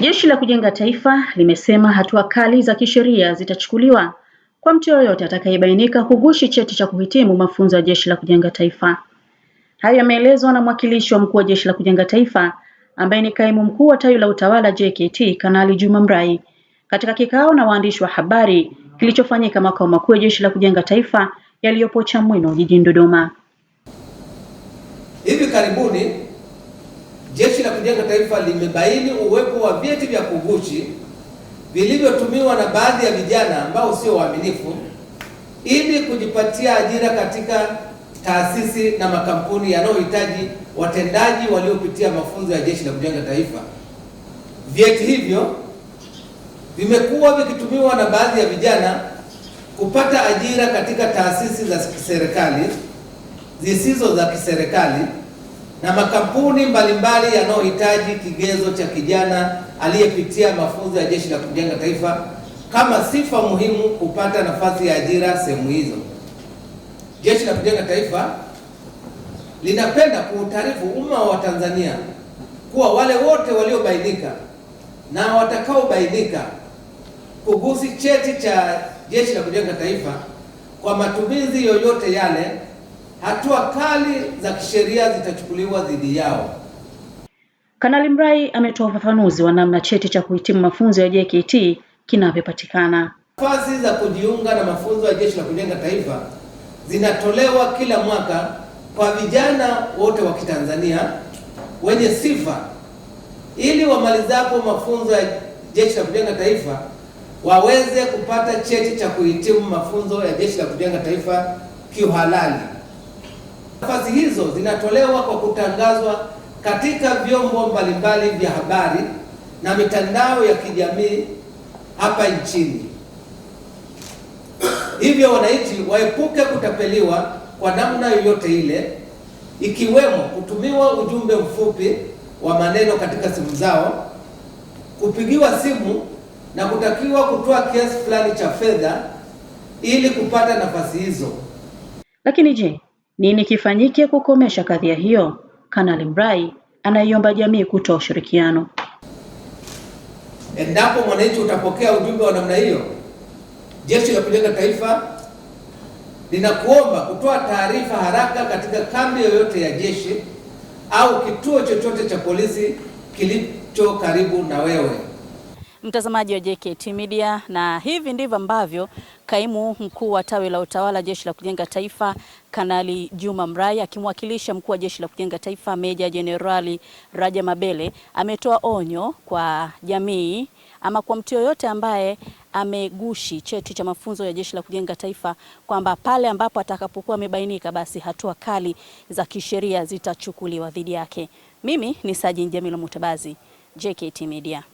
Jeshi la Kujenga Taifa limesema hatua kali za kisheria zitachukuliwa kwa mtu yoyote atakayebainika kughushi cheti cha kuhitimu mafunzo ya Jeshi la Kujenga Taifa. Hayo yameelezwa na mwakilishi wa mkuu wa Jeshi la Kujenga Taifa ambaye ni kaimu mkuu wa tawi la utawala JKT, Kanali Juma Mrai, katika kikao na waandishi wa habari kilichofanyika makao makuu ya Jeshi la Kujenga Taifa yaliyopo Chamwino jijini Dodoma. Hivi karibuni Kujenga Taifa limebaini uwepo wa vyeti vya kughushi vilivyotumiwa na baadhi ya vijana ambao sio waaminifu ili kujipatia ajira katika taasisi na makampuni yanayohitaji watendaji waliopitia mafunzo ya Jeshi la Kujenga Taifa. Vyeti hivyo vimekuwa vikitumiwa na baadhi ya vijana kupata ajira katika taasisi za kiserikali, zisizo za kiserikali na makampuni mbalimbali yanayohitaji kigezo cha kijana aliyepitia mafunzo ya Jeshi la Kujenga Taifa kama sifa muhimu kupata nafasi ya ajira sehemu hizo. Jeshi la Kujenga Taifa linapenda kuutaarifu umma wa Tanzania kuwa wale wote waliobainika na watakaobainika kugusi cheti cha Jeshi la Kujenga Taifa kwa matumizi yoyote yale hatua kali za kisheria zitachukuliwa dhidi yao. Kanali Mrai ametoa ufafanuzi wa namna cheti cha kuhitimu mafunzo ya JKT kinavyopatikana. Nafasi za kujiunga na mafunzo ya Jeshi la Kujenga Taifa zinatolewa kila mwaka kwa vijana wote wa Kitanzania wenye sifa ili wamalizapo mafunzo ya Jeshi la Kujenga Taifa waweze kupata cheti cha kuhitimu mafunzo ya Jeshi la Kujenga Taifa kiuhalali. Nafasi hizo zinatolewa kwa kutangazwa katika vyombo mbalimbali vya habari na mitandao ya kijamii hapa nchini. Hivyo wananchi waepuke kutapeliwa kwa namna yoyote ile, ikiwemo kutumiwa ujumbe mfupi wa maneno katika simu zao, kupigiwa simu na kutakiwa kutoa kiasi fulani cha fedha ili kupata nafasi hizo. Lakini je, nini kifanyike kukomesha kadhia hiyo? Kanali Mrai anaiomba jamii kutoa ushirikiano. Endapo mwananchi utapokea ujumbe wa namna hiyo, Jeshi la Kujenga Taifa linakuomba kutoa taarifa haraka katika kambi yoyote ya jeshi au kituo chochote cha polisi kilicho karibu na wewe mtazamaji wa JKT Media, na hivi ndivyo ambavyo kaimu mkuu wa tawi la utawala jeshi la kujenga taifa Kanali Juma Mrai akimwakilisha mkuu wa jeshi la kujenga taifa Meja Jenerali Raja Mabele ametoa onyo kwa jamii ama kwa mtu yoyote ambaye amegushi cheti cha mafunzo ya jeshi la kujenga taifa kwamba pale ambapo atakapokuwa amebainika, basi hatua kali za kisheria zitachukuliwa dhidi yake. Mimi ni Sajin Jamil Mutabazi, JKT Media.